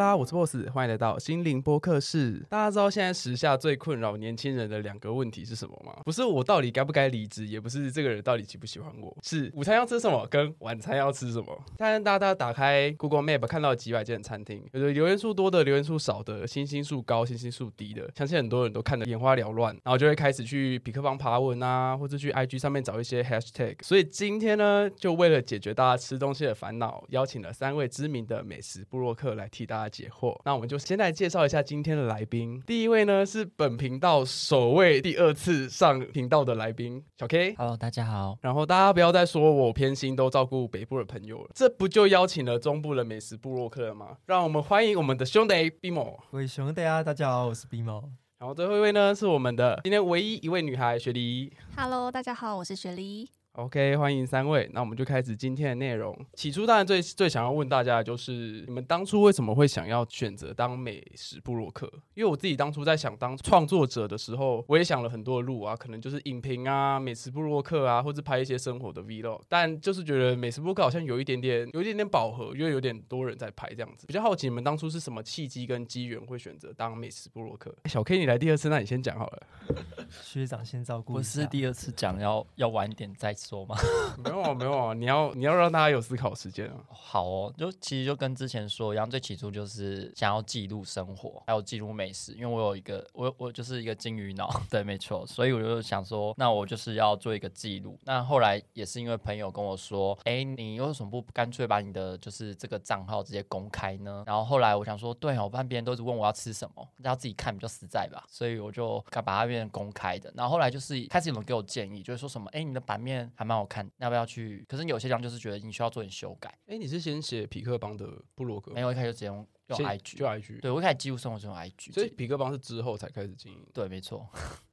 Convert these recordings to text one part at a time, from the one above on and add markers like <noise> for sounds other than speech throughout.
大家好，我是 boss，歡迎來到心靈播客室。大家知道現在時下最困擾年輕人的兩個問題是什麼嗎？不是我到底該不該離職，也不是這個人到底喜不喜歡我，是午餐要吃什麼跟晚餐要吃什麼。他讓大家打開 Google Map 看到幾百間餐廳，有的留言數多的，留言數少的，星星數高，星星數低的，相信很多人都看得眼花繚亂，然後就會開始去痞客邦爬文啊，或者去 IG 上面找一些 hashtag。所以今天呢，就為了解決大家吃東西的煩惱，邀請了三位知名的美食部落客來替大家。解惑，那我們就先來介紹一下今天的來賓。第一位呢是本頻道首位第二次上頻道的來賓小 K。Hello，大家好。然後大家不要再說我偏心，都照顧北部的朋友了，這不就邀請了中部的美食部落客了嗎？讓我們歡迎我們的兄弟 Bimo。喂，兄弟啊，大家好，我是 Bimo。然後最後一位呢是我們的今天唯一一位女孩雪梨。Hello，大家好，我是雪梨。OK，歡迎三位，那我們就開始今天的內容。起初，當然最最想要問大家的就是，你們當初為什麼會想要選擇當美食部落客？因為我自己當初在想當創作者的時候，我也想了很多的路啊，可能就是影評啊、美食部落客啊，或者拍一些生活的 Vlog。但就是覺得美食部落客好像有一點點、有一點點飽和，因為有點多人在拍這樣子。比較好奇你們當初是什麼契機跟機緣會選擇當美食部落客。小 K，你來第二次，那你先講好了。 <laughs> 學長先照顧，我是第二次講，要要晚點再。說嗎？沒有啊，沒有啊，你要你要讓大家有思考時間啊。好哦，就其實就跟之前說一樣，最起初就是想要記錄生活，還有記錄美食，因為我有一個我我就是一個金魚腦，對，沒錯，所以我就想說，那我就是要做一個記錄。那後來也是因為朋友跟我說，哎，你為什麼不乾脆把你的就是這個賬號直接公開呢？然後後來我想說，對啊，不然別人都是問我要吃什麼，要自己看比較實在吧，所以我就敢把它變成公開的。然後後來就是開始有人給我建議，就是說什麼，哎，你的版面。還蠻好看，要不要去？可是有些地方就是覺得你需要做點修改。哎、欸，你是先寫痞客邦的部落格？沒、欸、有，我一開始就只用用 IG，就 IG。對，我一開始記錄生活是用 IG，所以痞客邦是之後才開始經營、嗯。對，沒錯。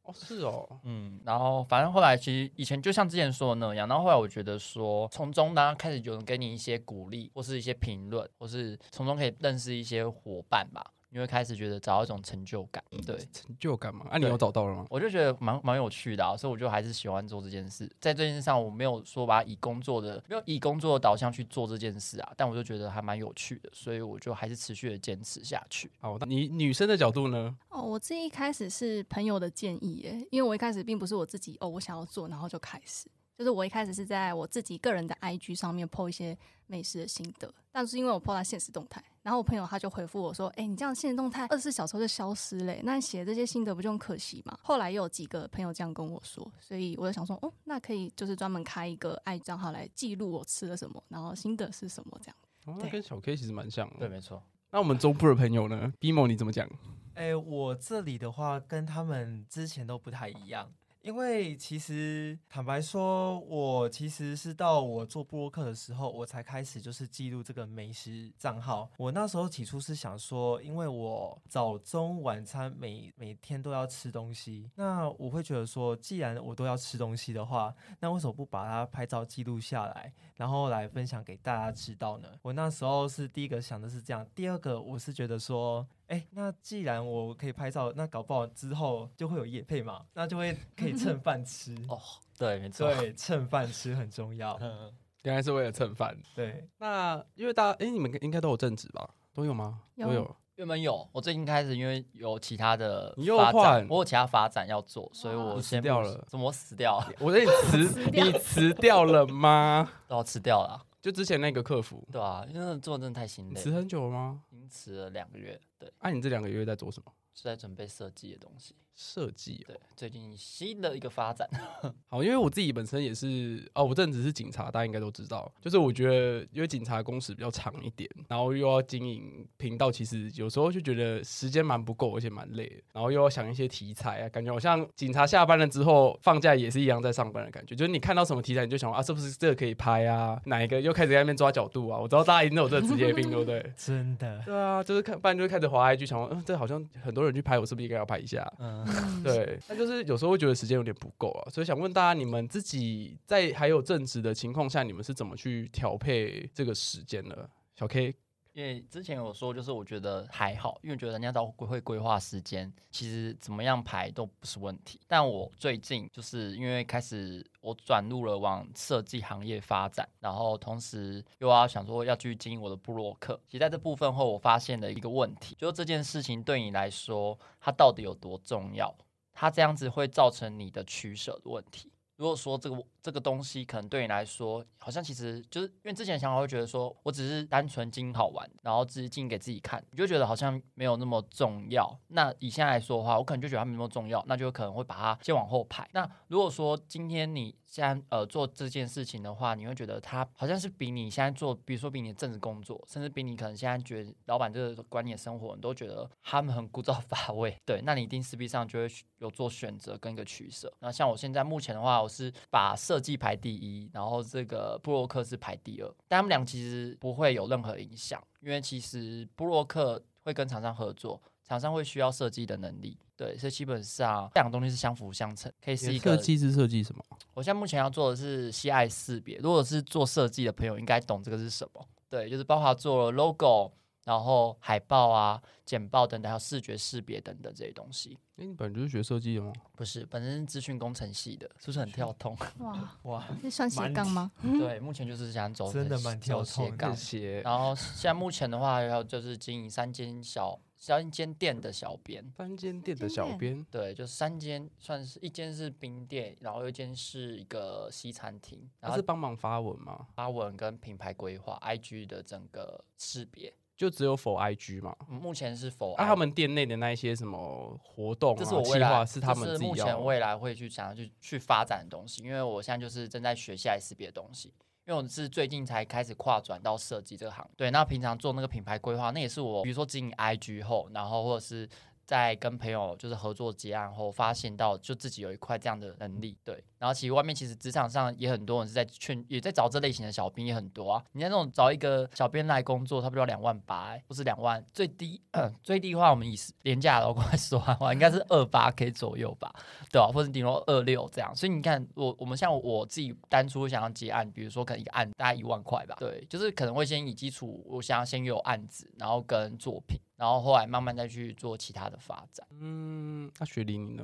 哦，是哦，嗯。然後，反正後來其實以前就像之前說的那樣，然後後來我覺得說，從中呢開始有人給你一些鼓勵，或是一些評論，或是從中可以認識一些伙伴吧。因為開始覺得找到一種成就感，對成就感嘛。啊，你有找到了嗎？我就覺得蠻蠻有趣的啊，所以我就還是喜歡做這件事。在這件事上，我沒有說把以工作的，沒有以工作的導向去做這件事啊。但我就覺得還蠻有趣的，所以我就還是持續的堅持下去。哦，那你女生的角度呢？哦，我這一開始是朋友的建議耶，因為我一開始並不是我自己哦，我想要做，然後就開始。就是我一開始是在我自己個人的 IG 上面 PO 一些美食的心得，但是因為我 PO 了現實動態，然後我朋友他就回復我說：“哎、欸，你這樣現實動態二十四小時就消失嘞、欸，那寫這些心得不就很可惜嗎？”後來又有幾個朋友這樣跟我說，所以我就想說：“哦，那可以就是專門開一個 IG 賬號來記錄我吃了什麼，然後心得是什麼這樣。哦”那跟小 K 其實蠻像的。對，沒錯。那我們中部的朋友呢？Bimo 你怎麼講？哎、欸，我這裡的話跟他們之前都不太一樣。因為其實坦白說，我其實是到我做部落客的時候，我才開始就是記錄這個美食賬號。我那時候起初是想說，因為我早中晚餐每每天都要吃東西，那我會覺得說，既然我都要吃東西的話，那為什麼不把它拍照記錄下來，然後來分享給大家知道呢？我那時候是第一個想的是這樣，第二個我是覺得說。哎、欸，那既然我可以拍照，那搞不好之後就會有業配嘛，那就會可以蹭飯吃哦。 <laughs> 對，沒錯，對，蹭飯吃很重要。嗯， <laughs> 原來是為了蹭飯。對，那因為大家，哎、欸，你們應該都有正職吧？都有嗎？有？都有。原本有，我最近開始因為有其他的發展，你又換？我有其他發展要做，所以我先辭掉了。怎麼我死掉了？ <laughs> 我說你辭，你辭掉了嗎？ <laughs> 都要辭掉了。就之前那個客服，對啊，因為做的真的太心累了，辭很久了嗎？已經辭了兩個月，對。那、啊、你這兩個月在做什麼？是在準備設計的東西。設計、喔、對，最近新的一個發展。 <laughs> 好，因為我自己本身也是哦、啊，我這只是警察，大家應該都知道。就是我覺得，因為警察的工時比較長一點，然後又要經營頻道，其實有時候就覺得時間蠻不夠，而且蠻累。然後又要想一些題材啊，感覺好像警察下班了之後放假也是一樣在上班的感覺。就是你看到什麼題材，你就想說啊，是不是這個可以拍啊？哪一個又開始在那邊抓角度啊？我知道大家一定有這個職業病，對不對？ <laughs> 真的，對啊，就是看，不然就會開始滑 IG 就想說嗯、呃，這好像很多人去拍，我是不是應該要拍一下？嗯。 <laughs> 對，那就是有時候會覺得時間有點不夠啊，所以想問大家，你們自己在還有正職的情況下，你們是怎麼去調配這個時間的？小 K。因為之前有說，就是我覺得還好，因為覺得人家都會規劃時間，其實怎麼樣排都不是問題。但我最近就是因為開始我轉入了往設計行業發展，然後同時又要想說要去經營我的部落客，其實在這部分後，我發現了一個問題，就是這件事情對你來說，它到底有多重要？它這樣子會造成你的取捨的問題。如果說這個這個東西可能對你來說，好像其實就是因為之前的想法會覺得說我只是單純經營好玩，然後只是經營給自己看，你就覺得好像沒有那麼重要。那以現在來說的話，我可能就覺得它沒那麼重要，那就可能會把它先往後排。那如果說今天你現在呃做這件事情的話，你會覺得它好像是比你現在做，比如說比你的正職工作，甚至比你可能現在覺得老闆這個管理的生活，你都覺得他們很枯燥乏味，對？那你一定勢必上就會有做選擇跟一個取捨。那像我現在目前的話，我是把設設計排第一，然後這個布洛克是排第二，但他們倆其實不會有任何影響，因為其實布洛克會跟廠商合作，廠商會需要設計的能力，對，所以基本上這兩東西是相輔相成，可以是一個設計是設計什麼？我現在目前要做的是 CI 識別，如果是做設計的朋友應該懂這個是什麼，對，就是包括做了 logo。然後海報啊、簡報等等，還有視覺識別等等這些東西。哎，你本來就是學設計的嗎？不是，本身資訊工程系的，是、就、不是很跳通？哇哇，這算斜槓嗎、嗯？對，目前就是想走走斜槓。真的蠻跳通謝謝。然後現在目前的話，然後就是經營三間小三間店的小編。三間店的小編。小編對，就是三間，算是一間是冰店，然後又一間是一個西餐廳。然後它是幫忙發文嗎？發文跟品牌規劃、IG 的整個識別。就只有否 IG 嘛、嗯？目前是否？啊？他們店內的那一些什麼活動啊？計劃是，是他們自己的。目前未來會去想要去去發展的東西，因為我現在就是正在學習來識別的東西，因為我是最近才開始跨轉到設計這個行業。對，那平常做那個品牌規劃，那也是我，比如說經營 IG 後，然後或者是在跟朋友就是合作結案後，發現到就自己有一塊這樣的能力。對。然後其實外面其實職場上也很多人是在勸，也在找這類型的小編。也很多啊。你像那種找一個小編來工作，差不多兩萬八，或是兩萬最低，最低的話我們以廉價的話說的、啊、話，應該是二八 k 左右吧，對啊，或者頂多二六這樣。所以你看，我我們像我自己當初想要接案，比如說可能一個案大概一萬塊吧，對，就是可能會先以基礎，我想要先有案子，然後跟作品，然後後來慢慢再去做其他的發展。嗯，那雪梨你呢？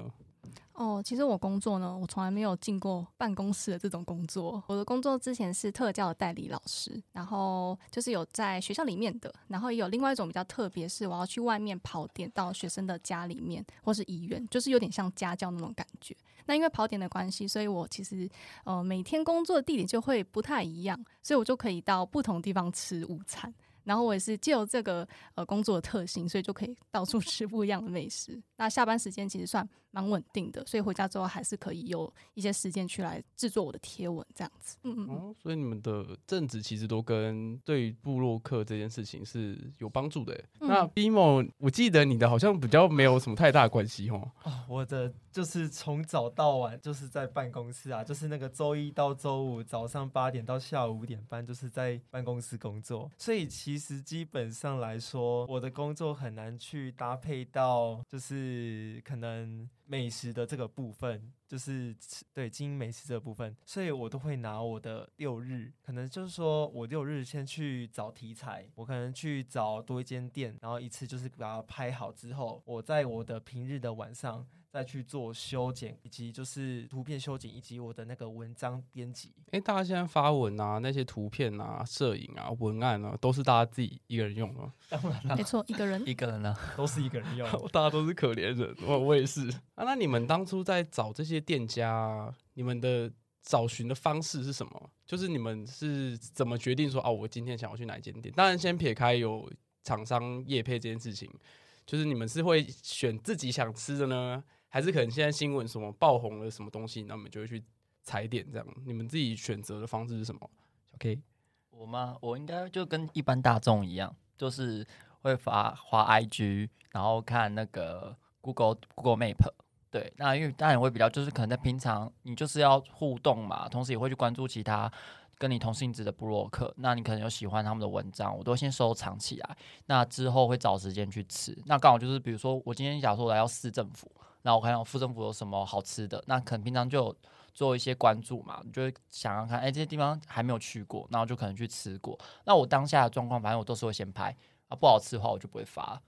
哦，其實我工作呢，我從來沒有進過辦公室的這種工作。我的工作之前是特教的代理老師，然後就是有在學校裡面的，然後也有另外一種比較特別，是我要去外面跑點到學生的家裡面或是醫院，就是有點像家教那種感覺。那因為跑點的關係，所以我其實呃每天工作的地點就會不太一樣，所以我就可以到不同地方吃午餐。然後我也是借由這個呃工作的特性，所以就可以到處吃不一樣的美食。 <laughs> 那下班時間其實算蠻穩定的，所以回家之後還是可以有一些時間去來製作我的貼文這樣子。嗯、哦、嗯。所以你們的正職其實都跟對部落客這件事情是有幫助的、嗯。那 Bimo，我記得你的好像比較沒有什麼太大關係哦。啊， <laughs> 我的就是從早到晚就是在辦公室啊，就是那個週一到週五早上八點到下午五點半就是在辦公室工作，所以其。其實基本上來說，我的工作很難去搭配到，就是可能美食的這個部分，就是對經營美食這個部分，所以我都會拿我的六日，可能就是說我六日先去找題材，我可能去找多一間店，然後一次就是把它拍好之後，我在我的平日的晚上。再去做修剪，以及就是圖片修剪，以及我的那個文章編輯。哎、欸，大家現在發文啊，那些圖片啊、攝影啊、文案啊，都是大家自己一個人用哦。當然了，沒錯，一個人，一個人了、啊，都是一個人用， <laughs> 大家都是可憐人，我我也是。 <laughs> 啊，那你們當初在找這些店家，你們的找尋的方式是什麼？就是你們是怎麼決定說哦、啊，我今天想要去哪一間店？當然，先撇開有廠商業配這件事情，就是你們是會選自己想吃的呢？還是可能現在新聞什麼爆紅了什麼東西，那我們就會去踩點這樣。你們自己選擇的方式是什麼？OK，我嗎？我應該就跟一般大眾一樣，就是會發花 IG，然後看那個 Google Google Map。對，那因為當然會比較，就是可能在平常你就是要互動嘛，同時也會去關注其他跟你同性質的部落客。那你可能有喜歡他們的文章，我都先收藏起來。那之後會找時間去吃。那剛好就是比如說我今天假如說來到市政府。然後我看到附近有有什麼好吃的，那可能平常就做一些關注嘛，你就會想要看、看，哎，欸，這些地方還沒有去過，然後就可能去吃過。那我當下的狀況，反正我都是會先拍，啊，不好吃的話我就不會發。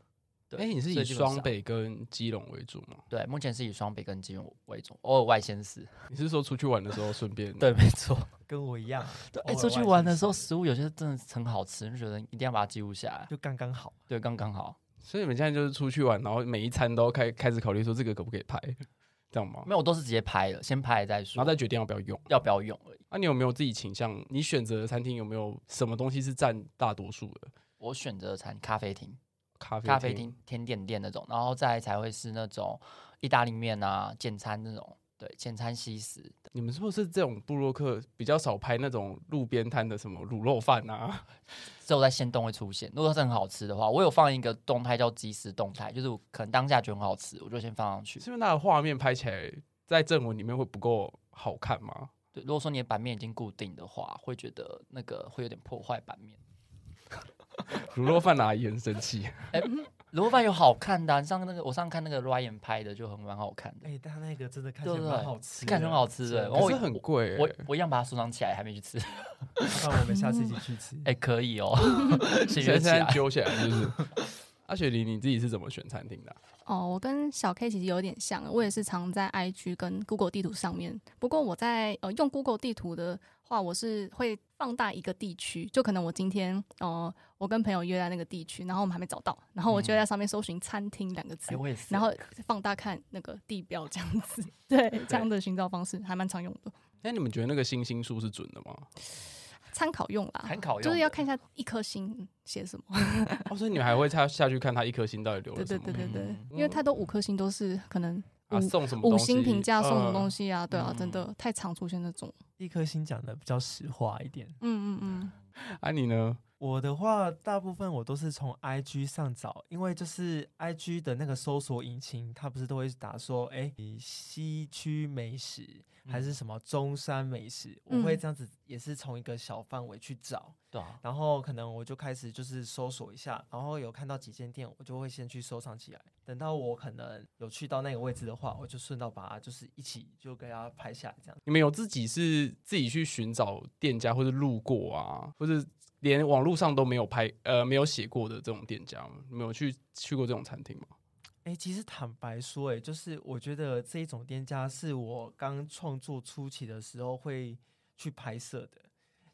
對，欸，你是以雙北跟基隆為主嗎？對，目前是以雙北跟基隆為主，偶爾外縣市。你是說出去玩的時候順便？ <laughs> 對，沒錯，跟我一樣。 <laughs> 對，哎，欸，出去玩的時候， <laughs> 食物有些真的很好吃，就覺得一定要把它記錄下來，就剛剛好。對，剛剛好。所以你們現在就是出去玩，然後每一餐都開開始考慮說這個可不可以拍，這樣嗎？沒有，我都是直接拍了，先拍了再說，然後再決定要不要用，要不要用而已。啊，你有沒有自己傾向？你選擇的餐廳有沒有什麼東西是佔大多數的？我選擇的餐咖啡廳，咖啡廳咖啡廳、甜點店那種，然後再來才會是那種意大利麵啊、簡餐那種，對，簡餐西食。你們是不是這種部落客比較少拍那種路邊攤的什麼滷肉飯啊？只有在限動會出現。如果是很好吃的話，我有放一個動態叫即時動態，就是我可能當下覺得很好吃，我就先放上去。是因為那個畫面拍起來在正文裡面會不夠好看嗎？對，如果說你的版面已經固定的話，會覺得那個會有點破壞版面。滷 <laughs> 肉飯阿姨很生氣。欸蘿蔔飯有好看的、啊，你上那個我上次看那個 Ryan 拍的就很蠻好看的，哎、欸，但他那個真的看起來,好的對對對看起來很好吃，看起來很好吃，可是我、哦、這很貴，我我一樣把它收藏起來，還沒去吃，那、 <laughs> <laughs> 啊、我們下次一起去吃，哎、欸，可以哦，先 <laughs> 先揪起來,揪起來就是？ <laughs> 阿、啊、雪梨，你自己是怎麼選餐廳的、啊？哦，我跟小 K 其實有點像，我也是常在 IG 跟 Google 地圖上面。不過我在呃用 Google 地圖的話，我是會放大一個地區，就可能我今天呃我跟朋友約在那個地區，然後我們還沒找到，然後我就在上面搜尋“餐、嗯、廳”兩個字，然後放大看那個地標這樣子。 <laughs> 對，這樣的尋找方式還蠻常用的。哎、欸，你們覺得那個星星數是準的嗎？參考用啦考用，就是要看一下一顆星寫什麼 <laughs> 、哦。所以你還會她下去看他一顆星到底留什麼？對對對對對，嗯、因為太多五顆星都是可能五、啊、五星評價送什麼東西啊？呃、對啊，嗯、真的太常出現那種。一顆星講的比較實話一點。嗯嗯嗯。嗯啊，你呢？我的話，大部分我都是從 I G 上找，因為就是 I G 的那個搜索引擎，它不是都會打說，誒、欸，西區美食還是什麼中山美食？嗯、我會這樣子，也是從一個小範圍去找，對、嗯、然後可能我就開始就是搜索一下，然後有看到幾間店，我就會先去收藏起來。等到我可能有去到那個位置的話，我就順道把它就是一起就給它拍下來，這樣。你們有自己是自己去尋找店家，或者路過啊？就是連網絡上都沒有拍呃沒有寫過的這種店家，沒有去去過這種餐廳嗎？哎、欸，其實坦白說、欸，哎，就是我覺得這一種店家是我剛創作初期的時候會去拍攝的。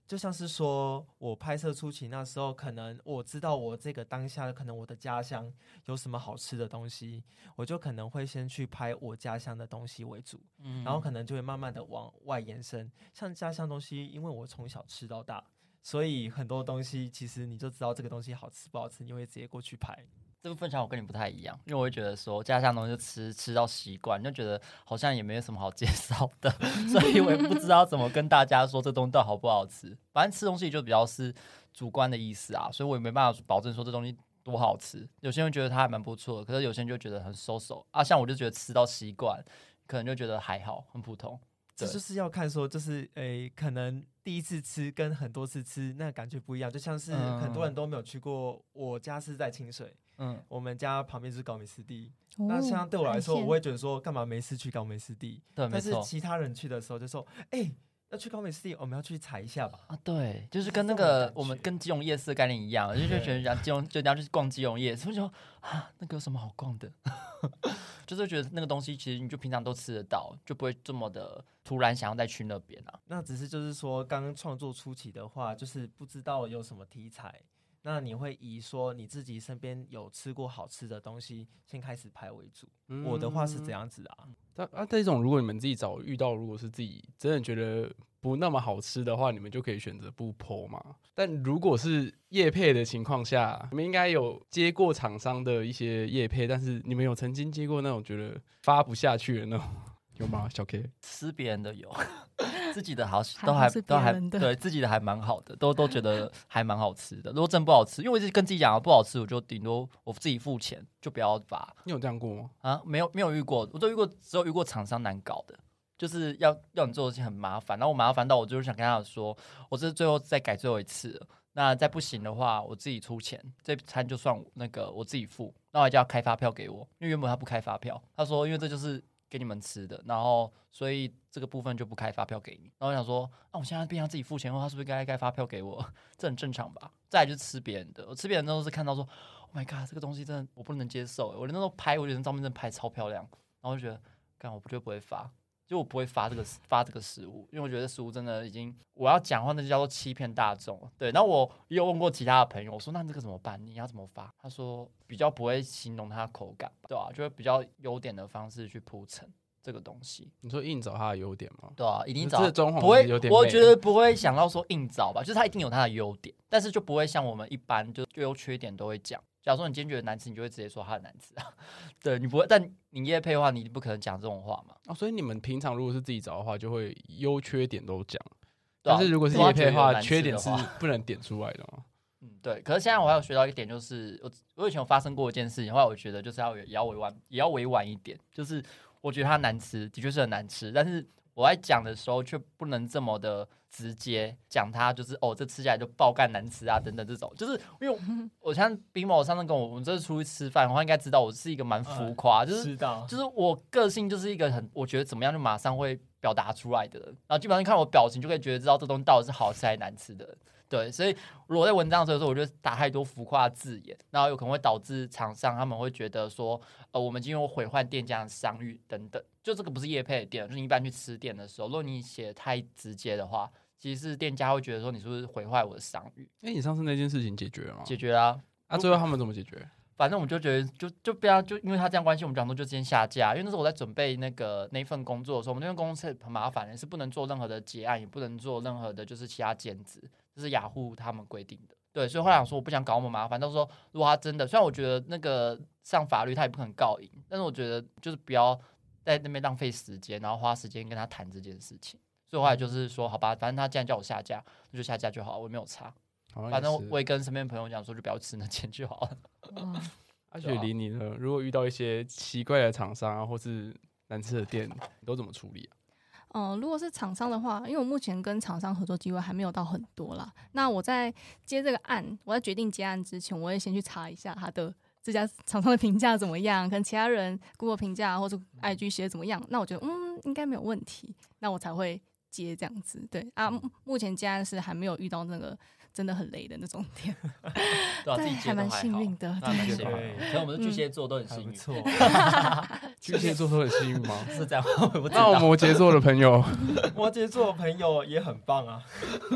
就像是說我拍攝初期那時候，可能我知道我這個當下可能我的家鄉有什麼好吃的東西，我就可能會先去拍我家鄉的東西為主，嗯，然後可能就會慢慢的往外延伸。像家鄉東西，因為我從小吃到大。所以很多東西，其實你就知道這個東西好吃不好吃，你會直接過去拍。這個分享我跟你不太一樣，因為我會覺得說家鄉東西吃吃到習慣，就覺得好像也沒有什麼好介紹的， <laughs> 所以我也不知道怎麼跟大家說這東西到底好不好吃。反正吃東西就比較是主觀的意思啊，所以我也沒辦法保證說這東西多好吃。有些人覺得它還蠻不錯的，可是有些人就覺得很 so so 啊。像我就覺得吃到習慣，可能就覺得還好，很普通。這就是要看說，就是誒、欸，可能。第一次吃跟很多次吃那感覺不一樣，就像是很多人都沒有去過。我家是在清水，嗯，我們家旁邊就是高美濕地、哦。那像對我來說，我也覺得說幹嘛沒事去高美濕地，對，但是其他人去的時候就說，哎、欸。要去高美濕地，我們要去踩一下吧？啊，對，就是跟那個我們跟基隆夜市的概念一樣，就就覺得人家基隆，就你要去逛基隆夜，所以說啊，那個有什麼好逛的？ <laughs> 就是覺得那個東西，其實你就平常都吃得到，就不會這麼的突然想要再去那邊啦、啊。那只是就是說，剛剛創作初期的話，就是不知道有什麼題材。那你會以說你自己身邊有吃過好吃的東西先開始拍為主？嗯、我的話是這樣子啊？但、嗯、啊，這種如果你們自己早遇到，如果是自己真的覺得不那麼好吃的話，你們就可以選擇不 po 嘛。但如果是業配的情況下，你們應該有接過廠商的一些業配，但是你們有曾經接過那種覺得發不下去的那種？有嗎？小 K 吃別人的有，自己的好，還好的都還都還對，自己的還蠻好的，都都覺得還蠻好吃的。如果真不好吃，因為我一直跟自己講不好吃，我就頂多我自己付錢，就不要發。你有這樣過嗎？啊，沒有沒有遇過，我都遇過，只有遇過廠商難搞的，就是要要你做的事情很麻煩，然後我麻煩到我就是想跟他說，我這最後再改最後一次，那再不行的話，我自己出錢，這餐就算我那個我自己付，然後還叫他開發票給我，因為原本他不開發票，他說因為這就是。給你們吃的，然後所以這個部分就不開發票給你。然後我想說，那、啊、我現在變成自己付錢後、哦，他是不是該該發票給我？這很正常吧？再來就是吃別人的，我吃別人都是看到說，Oh my god，這個東西真的我不能接受。我那時候拍，我覺得照片真的拍超漂亮，然後就覺得，幹，我不就不會發。就我不會發這個發這個食物，因為我覺得食物真的已經我要講話那就叫做欺騙大眾了。對，那我也有問過其他的朋友，我說那這個怎麼辦？你要怎麼發？他說比較不會形容它的口感，對啊，就會比較優點的方式去鋪陳這個東西。你說硬找它的優點嗎？對啊，一定找。是不是有點不會，我覺得不會想到說硬找吧，就是它一定有它的優點，但是就不會像我們一般就最優缺點都會講。假如說你堅決難吃，你就會直接說它難吃啊。對，你不會，但你業配的話，你不可能講這種話嘛。哦，所以你們平常如果是自己找的話，就會優缺點都講。啊，但是如果是業配的話，的話，缺點是不能點出來的。嗯，對。可是現在我還有學到一點，就是我我以前有發生過一件事情，後來我覺得就是要也要委婉，也要委婉一點。就是我覺得它難吃，的確是很難吃，但是我在講的時候卻不能這麼的。直接講他就是哦，這吃起來就爆幹難吃啊，等等這種，就是因為我像 Bimo，上次跟我我們這次出去吃飯，我應該知道我是一個蠻浮誇、嗯，就是知道就是我個性就是一個很我覺得怎麼樣就馬上會表達出來的，然後基本上看我表情就可以覺得知道這東西到底是好吃還是難吃的，對，所以如果在文章的時候，我覺得打太多浮誇字眼，然後有可能會導致廠商他們會覺得說呃我們今天毀壞店家的商譽等等。就這個不是業配的店，就是你一般去吃店的時候，如果你寫得太直接的話，其實店家會覺得說你是不是毀壞我的商譽。哎、欸，你上次那件事情解決了嗎？解決啊。那、啊、最後他們怎麼解決？反正我就覺得就就不要就因為他這樣關係，我們講說就先下架。因為那時候我在準備那個那一份工作的時候，我們那份工作是很麻煩的、欸，是不能做任何的結案，也不能做任何的就是其他兼職，這、就是雅虎他們規定的。對，所以後來講說我不想搞那麼麻煩。到時候如果他真的，雖然我覺得那個上法律他也不可能告贏，但是我覺得就是不要。在那邊浪費時間，然後花時間跟他談這件事情，所以後來就是說，好吧，反正他既然叫我下架，那就下架就好，我也沒有差、哦。反正我也跟身邊朋友講說，就不要吃那錢就好了。阿、啊、雪梨，你呢？如果遇到一些奇怪的廠商、啊，或是難吃的店，你都怎麼處理？嗯、啊呃，如果是廠商的話，因為我目前跟廠商合作機會還沒有到很多啦。那我在接這個案，我在決定接案之前，我也先去查一下他的。這家廠商的評價怎麼樣？可能其他人 Google 評價或者 IG 寫怎麼樣？那我覺得嗯，應該沒有問題，那我才會接這樣子。對啊，目前家是還沒有遇到那個真的很雷的那種店，但、 <laughs> 啊、還蠻幸運的，真的是。其實我們的巨蟹座都很幸運，嗯啊、 <laughs> 巨蟹座都很幸運嗎？是這樣。我 <laughs> 那我們摩羯座的朋友， <laughs> 摩羯座的朋友也很棒啊。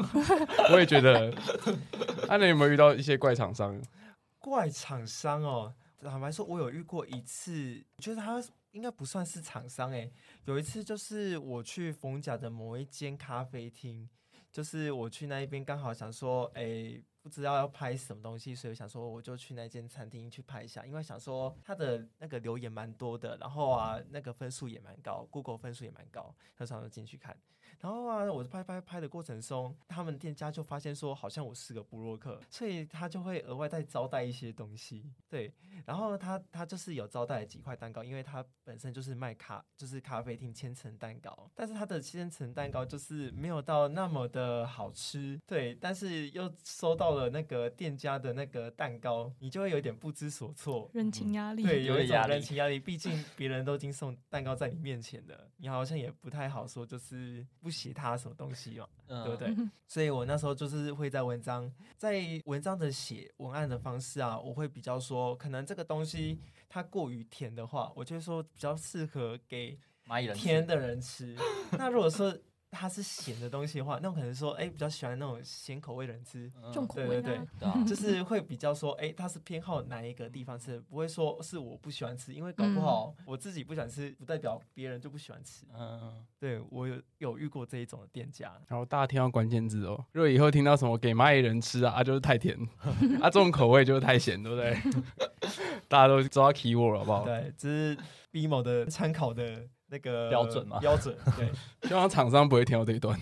<laughs> 我也覺得。啊、那你有沒有遇到一些怪廠商？怪廠商哦，坦白說，我有遇過一次，我覺得他應該不算是廠商誒、欸，有一次就是我去逢甲的某一間咖啡廳，就是我去那一邊剛好想說，誒、欸，不知道要拍什麼東西，所以想說我就去那間餐廳去拍一下，因為想說他的那個留言蠻多的，然後啊那個分數也蠻高，Google 分數也蠻高，常常就進去看。然後啊，我拍拍拍的過程中，他們店家就發現說，好像我是個部落客，所以他就會額外再招待一些東西，對。然後他他就是有招待幾塊蛋糕，因為他本身就是賣咖，就是咖啡廳千層蛋糕，但是他的千層蛋糕就是沒有到那麼的好吃，對。但是又收到了那個店家的那個蛋糕，你就會有點不知所措，人情壓力，嗯、對，對，有一點人情壓力，畢竟別人都已經送蛋糕在你面前的， <laughs> 你好像也不太好說，就是不。其他什麼東西嘛，嗯，對不對？所以我那時候就是會在文章，在文章的寫文案的方式啊，我會比較說，可能這個東西它過於甜的話，我就說比較適合給甜的人吃。 <laughs> 那如果說，它是鹹的東西的話，那我可能說，哎、欸，比較喜歡那種鹹口味的人吃，重、嗯、口味對、啊，就是會比較說，哎、欸，它是偏好哪一個地方吃，不會說是我不喜歡吃，因為搞不好我自己不喜歡吃，不代表別人就不喜歡吃。嗯，對我有有遇過這一種的店家。然、哦、後大家聽到關鍵字哦，如果以後聽到什麼給螞蟻人吃啊，啊就是太甜， <laughs> 啊，這種口味就是太鹹，對不對？ <laughs> <laughs> 大家都抓到 key word 了，好不好？對，這、就是 Bimo 的參考的。那個標準嗎？標準，標準對， <laughs> 希望廠商不會停到這一段。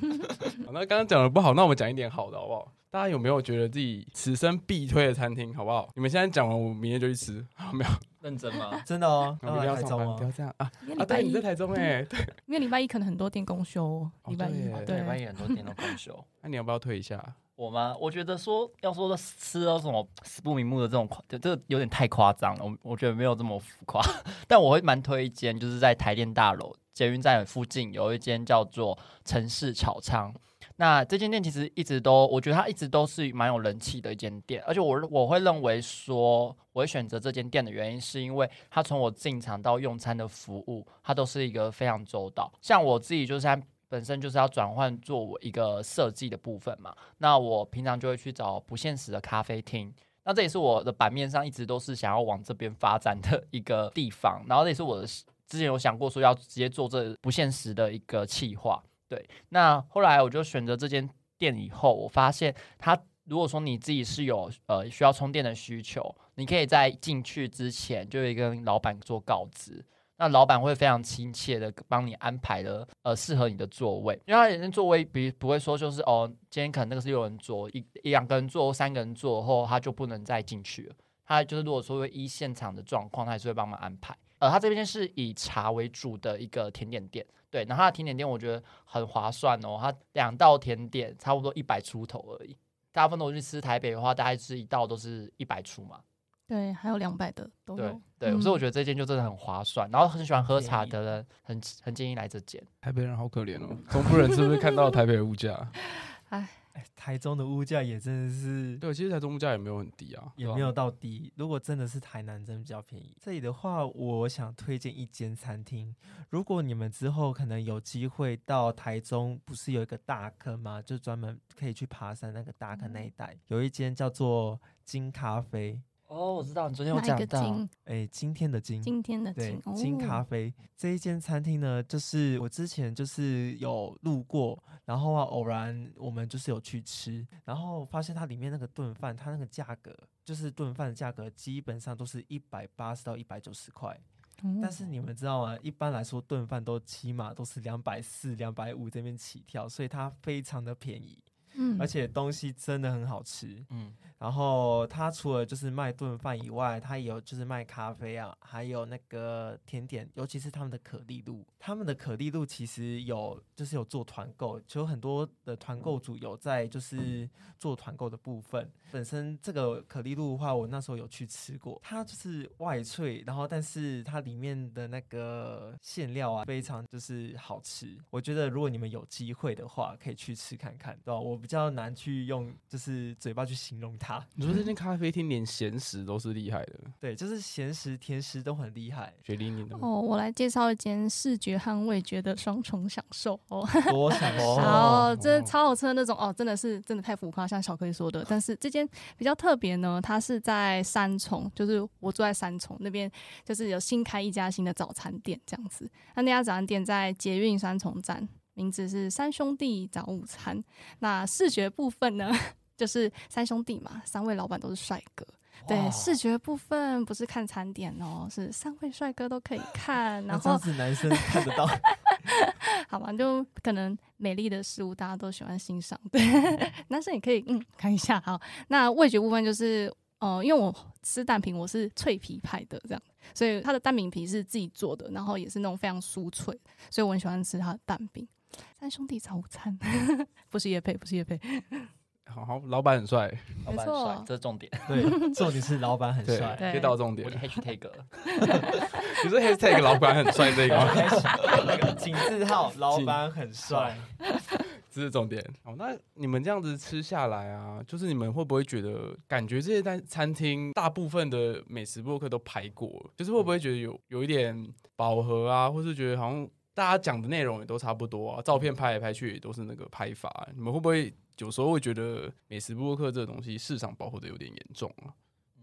<laughs> 那剛剛講的不好，那我們講一點好的好不好？大家有沒有覺得自己此生必推的餐廳好不好？你們現在講完，我明天就去吃，好、啊、沒有？認真嗎？真的哦，要不，台中不要這樣啊！啊，對，你在台中哎、欸，對，因為禮拜一可能很多店公休，禮拜一，哦、對，對，禮拜一很多店都公休，那、 <laughs> 啊、你要不要推一下？我嗎？我覺得說要說的吃到什麼死不瞑目的這種這，這有點太誇張了。我我覺得沒有這麼浮誇，但我會蠻推薦，就是在台電大樓捷運站附近有一間叫做城市巧倉。那這間店其實一直都，我覺得它一直都是蠻有人氣的一間店。而且我我會認為說，我會選擇這間店的原因，是因為它從我進場到用餐的服務，它都是一個非常周到。像我自己就是。本身就是要轉換做我一個設計的部分嘛，那我平常就會去找不現實的咖啡廳，那這也是我的版面上一直都是想要往這邊發展的一個地方，然後這也是我的之前有想過說要直接做這不現實的一個企劃，對。那後來我就選擇這間店以後，我發現它如果說你自己是有呃需要充電的需求，你可以在進去之前就會跟老板做告知。那老闆會非常親切的幫你安排了，呃，適合你的座位，因為他人身座位比不會說就是哦，今天可能那個是六人座，一,一兩個人座三個人座，後他就不能再進去了。他就是如果說依現場的狀況，他還是會幫忙安排。呃，他這邊是以茶為主的一個甜點店，對，然後他的甜點店我覺得很划算哦，他兩道甜點差不多一百出頭而已。大部分東西吃台北的話，大概是一道都是一百出嘛。對，還有兩百的都有，對，對、嗯，所以我覺得這間就真的很划算。然後很喜歡喝茶的人很，很很建議來這間。台北人好可憐哦，中部人是不是看到了台北的物價？哎，哎，台中的物價也真的是……對，其實台中物價也沒有很低啊，也沒有到低。如果真的是台南，真的比較便宜。這裡的話，我想推薦一間餐廳。如果你們之後可能有機會到台中，不是有一個大坑嗎？就專門可以去爬山那個大坑那一帶、嗯，有一間叫做金咖啡。哦，我知道，你昨天有講到，哎，今天的金，今天的對，金咖啡、哦、這一間餐廳呢，就是我之前就是有路過，然後啊偶然我們就是有去吃，然後發現它裡面那個燉飯，它那個價格就是燉飯的價格，基本上都是一百八十到一百九十塊、嗯，但是你們知道嗎？一般來說燉飯都起碼都是兩百四、兩百五這邊起跳，所以它非常的便宜。嗯，而且東西真的很好吃，嗯，然後它除了就是賣燉飯以外，它也有就是賣咖啡啊，還有那個甜點，尤其是他們的可麗露，他們的可麗露其實有就是有做團購，就很多的團購主有在就是做團購的部分。本身這個可麗露的話，我那時候有去吃過，它就是外脆，然後但是它裡面的那個餡料啊，非常就是好吃。我覺得如果你們有機會的話，可以去吃看看，對吧？我。比較難去用，就是嘴巴去形容它、嗯。你說這間咖啡廳連鹹食都是厲害的、嗯，對，就是鹹食甜食都很厲害、欸，絕頂你的。哦，我來介紹一間視覺和味覺的雙重享受哦，多享受，真 <laughs> 的、哦哦哦、超好吃的那種哦，真的是真的太浮誇，像小 K 說的。但是這間比較特別呢，它是在三重，就是我住在三重那邊，就是有新開一家新的早餐店這樣子。那家早餐店在捷運三重站。名字是三兄弟早午餐。那視覺部分呢，就是三兄弟嘛，三位老板都是帥哥。對，視覺部分不是看餐點哦，是三位帥哥都可以看。然後，啊、這是男生看得到。 <laughs> 好吧，就可能美麗的事物大家都喜歡欣賞。對， <laughs> 男生也可以嗯看一下。好，那味覺部分就是，呃，因為我吃蛋餅我是脆皮派的這樣，所以它的蛋餅皮是自己做的，然後也是那種非常酥脆，所以我很喜歡吃它的蛋餅。三兄弟早午餐 <laughs> 不，不是業配，不是業配，好好，老闆很帥，老闆很帥，這是重點。對， <laughs> 重點是老闆很帥，接到重點。我是 hashtag 了， <laughs> 你說 hashtag 老闆很帥這個嗎？那個井字號，老闆很帥， <laughs> 這是重點。好，那你們這樣子吃下來啊，就是你們會不會覺得，感覺這些在餐廳大部分的美食部落客都拍過，就是會不會覺得有、嗯、有一點飽和啊，或是覺得好像？大家講的內容也都差不多啊，照片拍來拍去也都是那個拍法。啊，你們會不會有時候會覺得美食播客這個東西市場飽和的有點嚴重啊？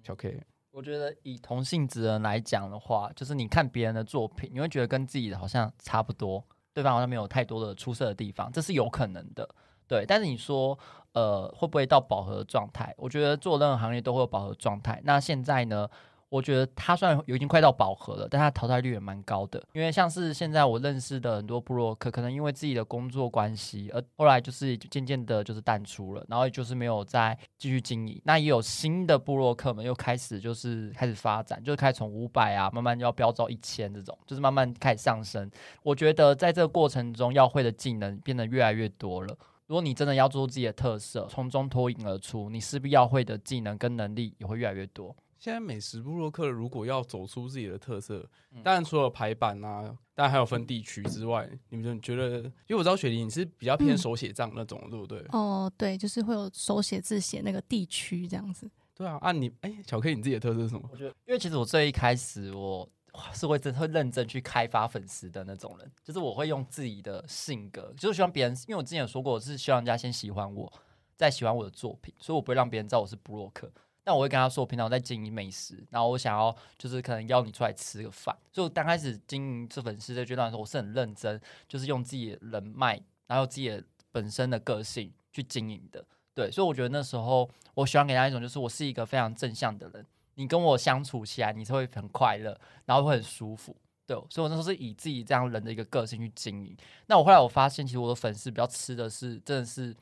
小、嗯、K，我覺得以同性質人來講的話，就是你看別人的作品，你會覺得跟自己的好像差不多，對方好像沒有太多的出色的地方，這是有可能的，對。但是你說呃，會不會到飽和的狀態？我覺得做任何行業都會有飽和狀態。那現在呢？我覺得他算已經快到飽和了，但他淘汰率也蠻高的。因為像是現在我認識的很多布洛克，可能因為自己的工作關係，而後來就是漸漸的，就是淡出了，然後也就是沒有再繼續經營。那也有新的布洛克們又開始就是開始發展，就開始從五百啊，慢慢要飆到一千這種，就是慢慢開始上升。我覺得在這個過程中，要會的技能變得越來越多了。如果你真的要做自己的特色，從中脫穎而出，你勢必要會的技能跟能力也會越來越多。現在美食部落客如果要走出自己的特色，當、嗯、然除了排版啊，當然還有分地區之外，你們覺得？因為我知道雪梨你是比較偏手寫賬那種、嗯，對不對？哦，對，就是會有手寫字寫那個地區這樣子。對啊，按、啊、你哎，欸、小 K，你自己的特色是什麼？我覺得，因為其實我最一開始我是會真會認真去開發粉絲的那種人，就是我會用自己的性格，就是希望別人，因為我之前有說過，我是希望人家先喜歡我，再喜歡我的作品，所以我不會讓別人知道我是部落客。那我會跟他說，我平常我在經營美食，然後我想要就是可能邀你出來吃個飯。所以我剛開始經營這粉絲的階段的時候，我是很認真，就是用自己的人脈，然後自己的本身的個性去經營的。對，所以我覺得那時候我喜歡給他一種，就是我是一個非常正向的人，你跟我相處起來，你是會很快樂，然後會很舒服。對，所以我那時候是以自己這樣人的一個個性去經營。那我後來我發現，其實我的粉絲比較吃的是，真的是。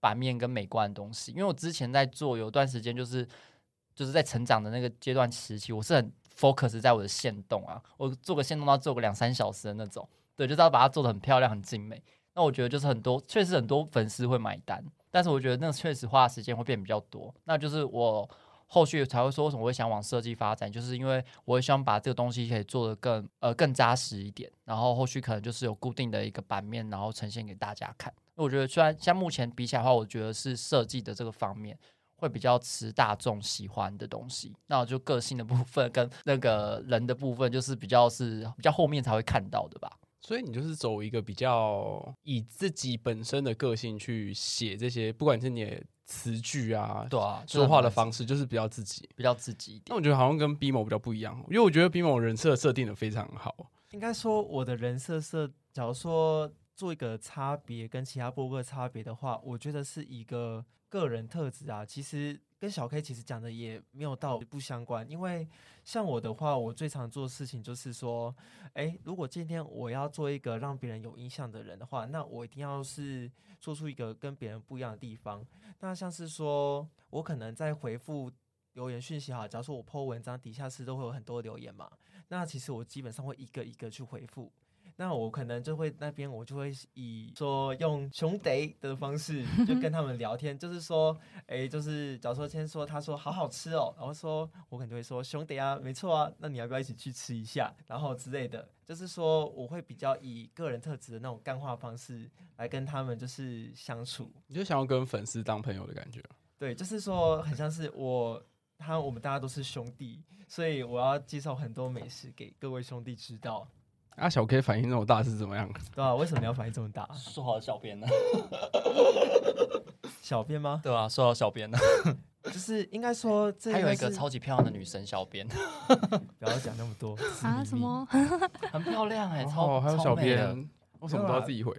版面跟美觀的東西，因為我之前在做有段時間，就是就是在成長的那個階段時期，我是很 focus 在我的限動啊，我做個限動要做個兩三小時的那種，對，就是要把它做得很漂亮、很精美。那我覺得就是很多，確實很多粉絲會買單，但是我覺得那確實花的時間會變得比較多。那就是我後續才會說，為什麼我會想往設計發展，就是因為我也希望把這個東西可以做得更呃更扎實一點，然後後續可能就是有固定的一個版面，然後呈現給大家看。我覺得，雖然像目前比起來的話，我覺得是設計的這個方面會比較吃大眾喜歡的東西。那我就個性的部分跟那個人的部分，就是比較是比較後面才會看到的吧。所以你就是走一個比較以自己本身的個性去寫這些，不管是你的詞句啊，對啊，說話的方式，就是比較自己，比較自己一點。那我覺得好像跟 Bimo 比較不一樣，因為我覺得 Bimo 人設設定的非常好。應該說我的人設設，假如說。做一個差別跟其他播客差別的話，我覺得是一個個人特質啊。其實跟小 K 其實講的也沒有到不相關，因為像我的話，我最常做的事情就是說，誒、欸，如果今天我要做一個讓別人有印象的人的話，那我一定要是做出一個跟別人不一樣的地方。那像是說我可能在回復留言訊息哈，假如說我 PO 文章底下是都會有很多留言嘛，那其實我基本上會一個一個去回復。那我可能就會那邊我就會以說用兄弟的方式就跟他們聊天， <laughs> 就是說，哎、欸，就是假如說先說，他說好好吃哦、喔，然後說我可能會說兄弟啊，沒錯啊，那你要不要一起去吃一下，然後之類的，就是說我會比較以個人特質的那種幹話方式來跟他們就是相處，你就想要跟粉絲當朋友的感覺，對，就是說很像是我，他我們大家都是兄弟，所以我要介紹很多美食給各位兄弟知道。阿、啊、小 K 反應那麼大是怎麼樣？對啊，為什麼你要反應這麼大？說好的小編呢？ <laughs> 小編嗎？對啊，說好小編呢？就是應該說這裡，這還有一個超級漂亮的女神小編， <laughs> 不要講那麼多明明啊？什麼？很漂亮哎、欸，超、哦、還有小編，為、欸、什麼都要自己回？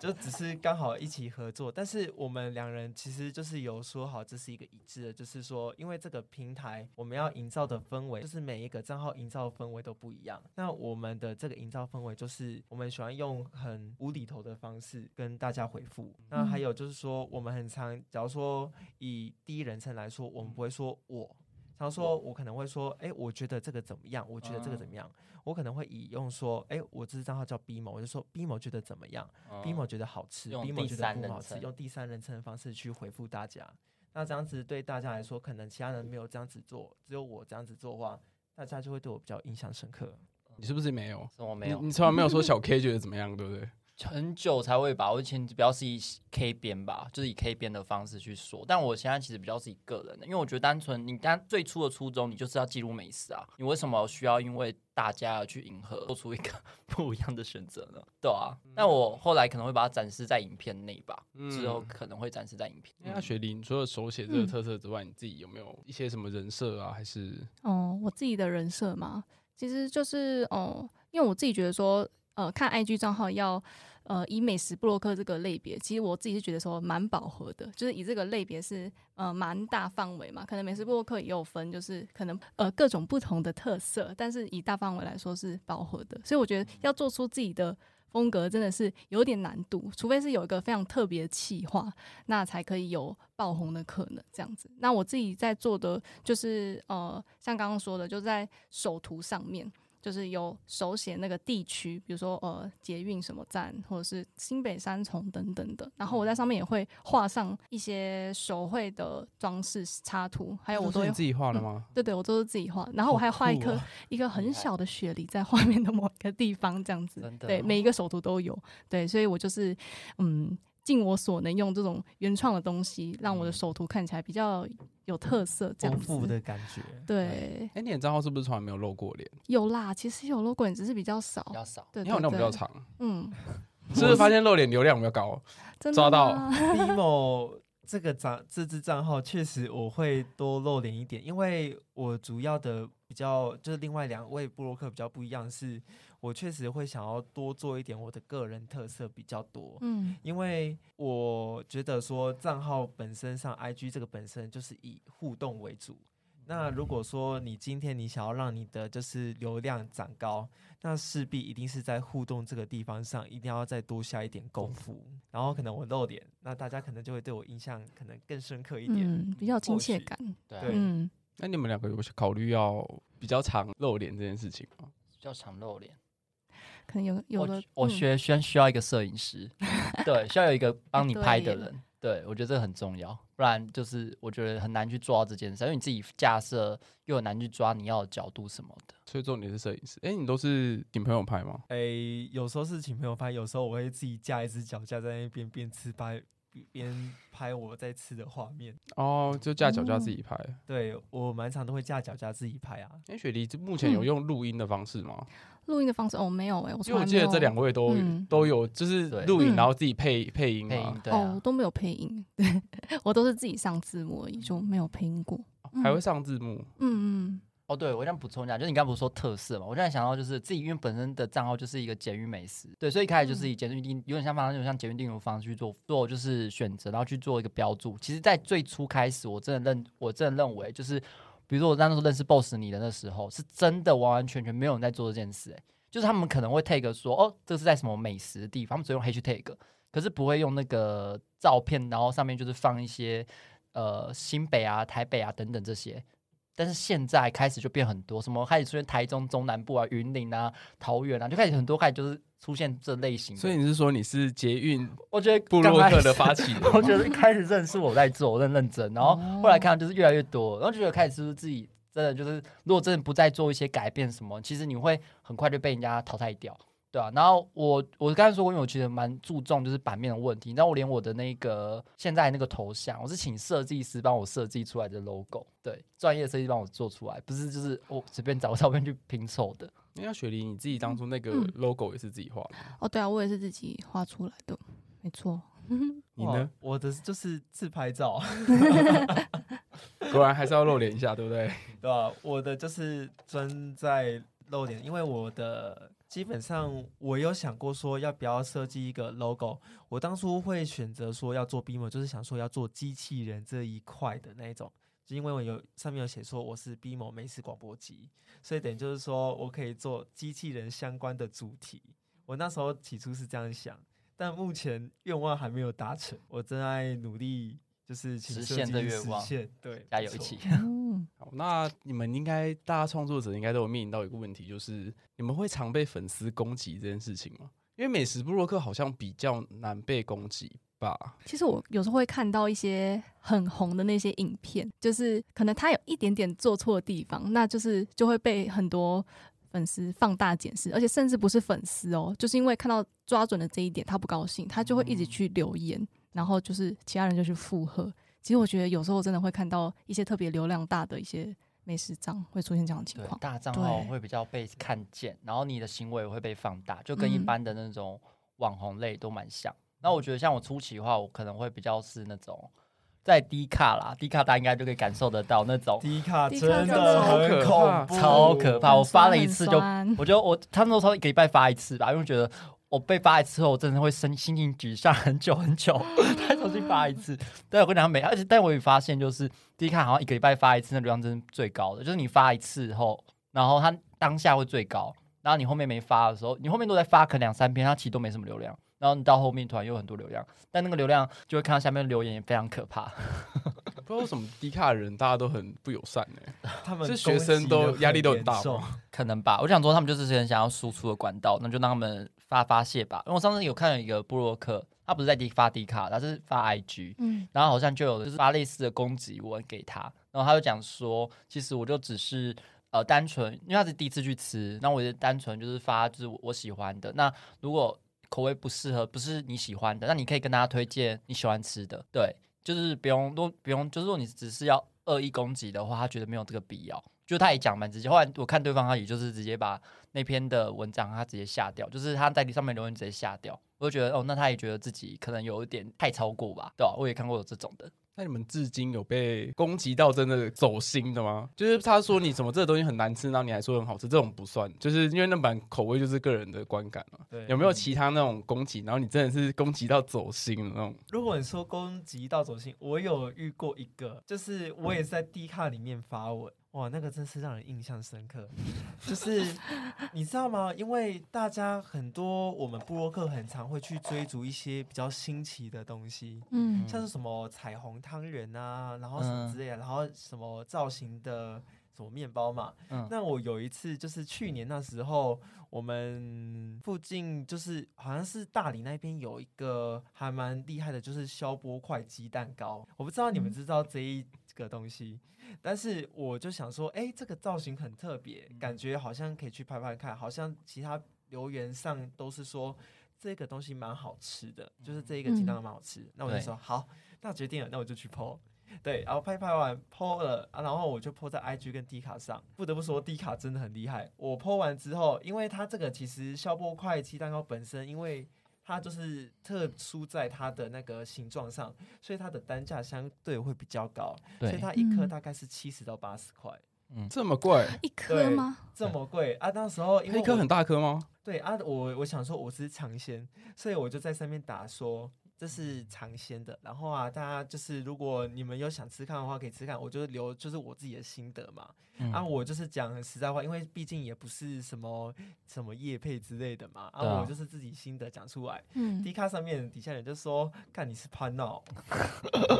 就只是剛好一起合作，但是我們兩人其實就是有說好這是一個一致的，就是說，因為這個平台我們要營造的氛圍，就是每一個賬號營造的氛圍都不一樣。那我們的這個營造氛圍，就是我們喜歡用很無厘頭的方式跟大家回覆。那還有就是說，我們很常，假如說以第一人稱來說，我們不會說我。他說：“我可能會說，誒、欸，我覺得這個怎麼樣？我覺得這個怎麼樣？嗯、我可能會引用說，誒、欸，我這支賬號叫 Bimo，我就說 Bimo 覺得怎麼樣、嗯？Bimo 覺得好吃，Bimo 覺得不好吃，用第三人稱的方式去回復大家。那這樣子對大家來說，可能其他人沒有這樣子做，只有我這樣子做的話，大家就會對我比較印象深刻。你是不是沒有？我沒有，你從來沒有說小 K 覺得怎麼樣， <laughs> 對不對，對？”很久才會吧，我以前比較是以 K 編吧，就是以 K 編的方式去說。但我現在其實比較是一個人，的，因為我覺得單純你剛，最初的初衷，你就是要記錄美食啊。你為什麼需要因為大家去迎合，做出一個不一樣的選擇呢？對啊。那、嗯、我後來可能會把它展示在影片內吧、嗯，之後可能會展示在影片。那雪梨，你除了手寫這個特色之外、嗯，你自己有沒有一些什麼人設啊？還是哦、嗯，我自己的人設嘛，其實就是哦、嗯，因為我自己覺得說，呃，看 IG 賬號要。呃，以美食部落客這個類別，其實我自己是覺得說蠻飽和的，就是以這個類別是呃蠻大範圍嘛，可能美食部落客也有分，就是可能呃各種不同的特色，但是以大範圍來說是飽和的，所以我覺得要做出自己的風格真的是有點難度，除非是有一個非常特別的企劃，那才可以有爆紅的可能這樣子。那我自己在做的就是呃像剛剛說的，就在手圖上面。就是有手寫那個地區，比如說呃捷運什麼站，或者是新北三重等等的。然後我在上面也會畫上一些手繪的裝飾插圖，還有我都是自己畫的嗎、嗯？對對，我都是自己畫。然後我還畫一顆、啊、一個很小的雪梨在畫面的某一個地方，這樣子。對，每一個手圖都有。對，所以我就是嗯。盡我所能用這種原創的東西，讓我的首圖看起來比較有特色，這樣子。富、嗯、的感覺。對。哎、欸，你的賬號是不是從來沒有露過臉？有啦，其實有露過臉，只是比較少。比較少。對對對，你好像露比較長。嗯。是不是發現露臉流量比較高真的？抓到。 <laughs> Bimo 這個賬，這支賬號確實我會多露臉一點，因為我主要的比較就是另外兩位部落客比較不一樣是。我確實會想要多做一點我的個人特色比較多，嗯，因為我覺得說賬號本身上，IG 這個本身就是以互動為主、嗯。那如果說你今天你想要讓你的就是流量漲高，那勢必一定是在互動這個地方上，一定要再多下一點功夫。嗯、然後可能我露臉，那大家可能就會對我印象可能更深刻一點，嗯，比較親切感，嗯、對，對啊。嗯，那你們兩個有考慮要比較常露臉這件事情嗎？比較常露臉。可能有，有我我學先需，需要一個攝影師、嗯，對，需要有一個幫你拍的人， <laughs> 對，對我覺得這很重要，不然就是我覺得很難去抓這件事，因為你自己架設又很難去抓你要的角度什麼的。所以重點是攝影師，哎、欸，你都是請朋友拍嗎？哎、欸，有時候是請朋友拍，有時候我會自己架一隻腳架在那邊邊自拍。邊拍我在吃的畫面哦，oh, 就架腳架自己拍。嗯、對，我蠻常都會架腳架自己拍啊。哎、欸，雪梨，目前有用錄音的方式嗎？錄、嗯、音的方式哦，沒有哎、欸。因為我記得這兩位都有、嗯、都有就是錄影，然後自己配配音嗎、啊啊？哦，都沒有配音， <laughs> 我都是自己上字幕而已，就沒有配音過。還會上字幕？嗯嗯，嗯。哦、oh，對，我想補充一下，就是你剛，剛不是說特色嘛？我現在想到就是自己因為本身的賬號就是一個簡約美食，對，所以一開始就是以簡約定，有點像方正有點像簡約定的方式去做做就是選擇，然後去做一個標注。其實，在最初開始，我真的認我真的認為就是，比如說我當初認識 BOSS 你的那時候，是真的完完全全沒有人在做這件事誒、欸，就是他們可能會 take 說哦，這是在什麼美食的地方，他們只會用 hashtag 可是不會用那個照片，然後上面就是放一些呃新北啊、台北啊等等這些。但是現在開始就變很多，什麼開始出現台中、中南部啊、雲林啊、桃園啊，就開始很多開始就是出現這類型。所以你是說你是捷運？我覺得部落客的發起人，我覺得開始認識我在做，認認真，然後後來看就是越來越多，然後覺得開始是不是自己真的就是，如果真的不再做一些改變什麼，其實你會很快就被人家淘汰掉。對啊，然後我我剛才說過，因為我其實蠻注重就是版面的問題。然後我連我的那個現在那個頭像，我是請設計師幫我設計出來的 logo。對，專業設計幫我做出來，不是就是我、哦、隨便找個照片去拼湊的。你看雪梨，你自己當初那個 logo 也是自己畫。哦，對啊，我也是自己畫出來的，沒錯。你呢？我的就是自拍照。 <laughs> 果然還是要露臉一下，對不對？對啊，我的就是專在露臉，因為我的。基本上我有想過說要不要設計一個 logo。我當初會選擇說要做 Bimo，就是想說要做機器人這一塊的那一種，就因為我有上面有寫說我是 Bimo 美食廣播機，所以等於就是說我可以做機器人相關的主題。我那時候起初是這樣想，但目前願望還沒有達成，我正在努力，就是實現的願望，對，加油一起。 <laughs> 好，那你們應該，大家創作者應該都有面臨到一個問題，就是你們會常被粉絲攻擊這件事情嗎？因為美食部落客好像比較難被攻擊吧？其實我有時候會看到一些很紅的那些影片，就是可能他有一點點做錯的地方，那就是就會被很多粉絲放大檢視，而且甚至不是粉絲哦、喔，就是因為看到抓準了這一點，他不高興，他就會一直去留言，嗯、然後就是其他人就去附和。其實我覺得有時候真的會看到一些特別流量大的一些美食賬會出現這樣的情況，大賬號會比較被看見，然後你的行為會被放大，就跟一般的那種網紅類都蠻像。那、嗯、我覺得像我初期的話，我可能會比較是那種在低卡啦，低卡大家應該就可以感受得到，那種低卡真的很恐怖，真的很可怕，超可怕。嗯、我發了一次就，我就得我他們說一個禮拜發一次吧，因為覺得。我被發一次後，我真的會心心情沮喪很久很久。再重新發一次，但 <laughs> 我跟你講，沒而且，但我有發現，就是低卡好像一個禮拜發一次，那流量真的是最高的。就是你發一次後，然後它當下會最高，然後你後面沒發的時候，你後面都在發，可能兩三篇，它其實都沒什麼流量。然後你到後面突然又有很多流量，但那個流量就會看到下面的留言也非常可怕。 <laughs> 不知道為什麼低卡的人大家都很不友善呢、欸？ <laughs> 是學生都壓力都很大嗎？ <laughs> 可能吧。我想說，他們就是很想要輸出的管道，那就讓他們。發發泄吧，因、嗯、為我上次有看了一個部落客，他不是在、D、發 D 卡，他是發 IG，嗯，然後好像就有就是發類似的攻擊文給他，然後他就講說，其實我就只是呃單純，因為他是第一次去吃，那我就單純就是發就是我,我喜歡的，那如果口味不適合，不是你喜歡的，那你可以跟大家推薦你喜歡吃的，對，就是不用多，不用就是說你只是要惡意攻擊的話，他覺得沒有這個必要，就他也講蠻直接，後來我看對方他也就是直接把。那篇的文章他直接下掉，就是他在你上面留言直接下掉，我就覺得哦，那他也覺得自己可能有一點太超過吧，對吧、啊？我也看過有這種的。那你們至今有被攻擊到真的走心的嗎？就是他說你什麼這個東西很難吃，然後你還說很好吃，這種不算，就是因為那版口味就是個人的觀感嘛。對，有沒有其他那種攻擊、嗯，然後你真的是攻擊到走心的那種？如果你說攻擊到走心，我有遇過一個，就是我也是在 D 卡裡面發文。嗯哇，那個真是讓人印象深刻， <laughs> 就是你知道嗎？因為大家很多我們部落客很常會去追逐一些比較新奇的東西，嗯，像是什麼彩虹湯圓啊，然後什麼之類的、嗯，然後什麼造型的什麼麵包嘛、嗯。那我有一次就是去年那時候，我們附近就是好像是大理那邊有一個還蠻厲害的，就是消波塊雞蛋糕。我不知道你們知道這一，嗯個東西，但是我就想說，誒、欸，這個造型很特別，感覺好像可以去拍拍看。好像其他留言上都是說這個東西蠻好吃的，嗯，就是這一個雞蛋糕蠻好吃，嗯。那我就說好，那決定了，那我就去 po。對，然後拍拍完 po 了啊，然後我就 po 在 IG 跟 D 卡上。不得不說，D 卡真的很厲害。我 po 完之後，因為它這個其實消波塊雞蛋糕本身，因為它就是特殊在它的那個形狀上，所以它的單價相對會比較高，所以它一顆大概是七十到八十塊，嗯，這麼貴一顆嗎？這麼貴啊！那時候因為一顆很大顆嗎？對啊，我我想說我是嘗鮮，所以我就在上面打說。這是嚐鮮的，然後啊，大家就是如果你們有想吃看的話，可以吃看。我就留就是我自己的心得嘛。嗯、啊，我就是講很實在話，因為畢竟也不是什麼什麼業配之類的嘛。嗯、啊，我就是自己心得講出來。嗯。D 卡上面底下人就說：“看你是潘、喔，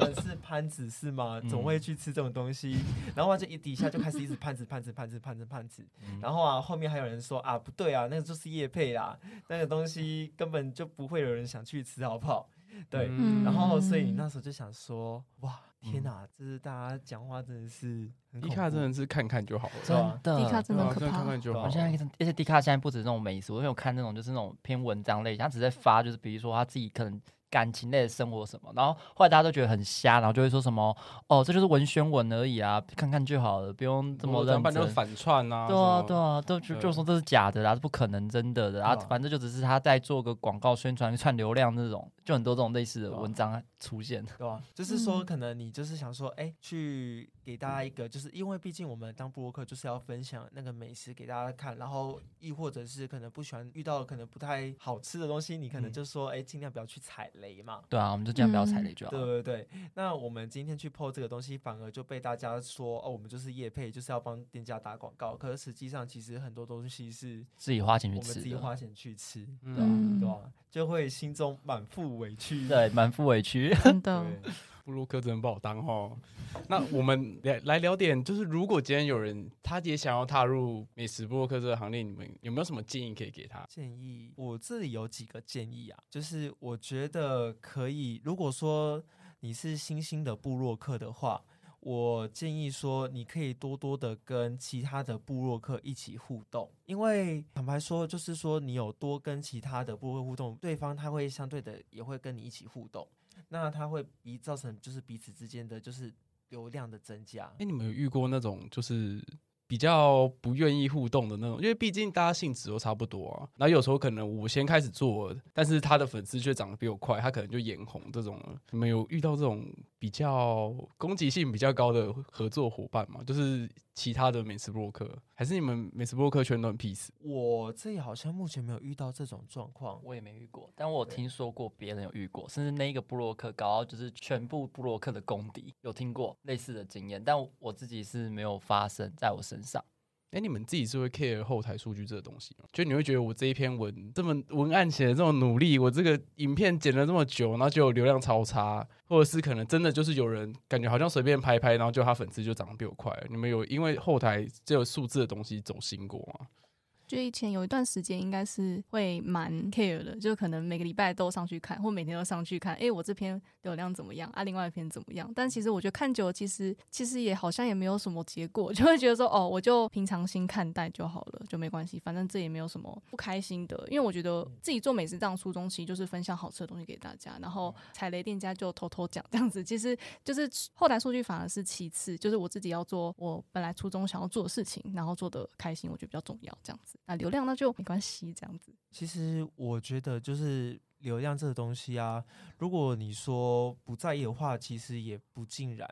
<laughs> 是潘子是嗎？總會去吃這種東西。嗯”然後啊，就一底下就開始一直潘子潘子潘子潘子潘子，潘子、嗯。然後啊，後面還有人說：“啊，不對啊，那個就是業配啦，那個東西根本就不會有人想去吃，好不好？”對、嗯，然後所以那時候就想說，哇，天哪，嗯、這是大家講話真的是，D 卡真的是看看就好了，真的，D、啊、卡真的可怕。現在，而且 D 卡現在不止那種美食，我有看那種就是那種偏文章類，他只在發就是比如說他自己可能感情類的生活什麼，然後後來大家都覺得很瞎，然後就會說什麼，哦，這就是文宣文而已啊，看看就好了，不用這麼認真，反串啊，對啊對啊，都就就，就說這是假的啦，啊，是不可能真的的啊，啊，反正就只是他在做個廣告宣傳，串流量那種。就很多這種類似的文章出現，對吧，啊啊。就是說，可能你就是想說，哎，欸，去給大家一個，嗯、就是因為畢竟我們當部落客就是要分享那個美食給大家看，然後亦或者是可能不喜歡遇到的可能不太好吃的東西，你可能就說，哎，嗯，尽，欸、量不要去踩雷嘛。對啊，我們就盡量不要踩雷就好，嗯，對對對。那我們今天去 po 這個東西，反而就被大家說，哦，我們就是業配，就是要幫店家打廣告，嗯。可是實際上，其實很多東西是自己花錢去吃，我們自己花錢去吃，對吧，啊啊。就會心中滿腹委屈，對，滿腹委屈， <laughs> 真的，部落客真的不好當哈、哦。那我們來來聊點，就是如果今天有人他也想要踏入美食部落客這個行列，你們有沒有什麼建議可以給他？建議，我這裡有幾個建議啊，就是我覺得可以，如果說你是新興的部落客的話。我建議說，你可以多多的跟其他的部落客一起互動，因為坦白說，就是說你有多跟其他的部落客互動，對方他會相對的也會跟你一起互動，那他會以造成就是彼此之間的就是流量的增加。誒、欸，你們有遇過那種就是比較不願意互動的那種？因為畢竟大家性質都差不多啊。那有時候可能我先開始做，但是他的粉絲卻長得比我快，他可能就眼紅這種。你們有遇到這種？比較攻擊性比較高的合作夥伴嘛，就是其他的美食部落客，還是你們美食部落客全都很 peace？我這好像目前沒有遇到這種狀況。我也沒遇過，但我聽說過別人有遇過，甚至那一個部落客搞到就是全部部落客的公敵，有聽過類似的經驗，但我自己是沒有發生在我身上。哎、欸，你們自己是會 care 後台數據這個東西嗎？就你會覺得，我這一篇文這麼文案寫的這麼努力，我這個影片剪了這麼久，然後就流量超差，或者是可能真的就是有人感覺好像隨便拍拍，然後就他粉絲就漲得比我快？你們有因為後台這個數字的東西走心過嗎？就以前有一段時間應該是會蠻 care 的，就可能每個禮拜都上去看，或每天都上去看。哎、欸，我這篇流量怎麼樣？啊，另外一篇怎麼樣？但其實我覺得看久了，其實其實也好像也沒有什麼結果，就會覺得說，哦，我就平常心看待就好了，就沒關係，反正這也沒有什麼不開心的。因為我覺得自己做美食這樣初衷，其實就是分享好吃的東西給大家，然後踩雷店家就偷偷講這樣子。其實就是後台數據，反而是其次，就是我自己要做我本來初衷想要做的事情，然後做的開心，我覺得比較重要這樣子。那流量那就沒關係，這樣子。其實我覺得就是流量這個東西啊，如果你說不在意的話，其實也不盡然，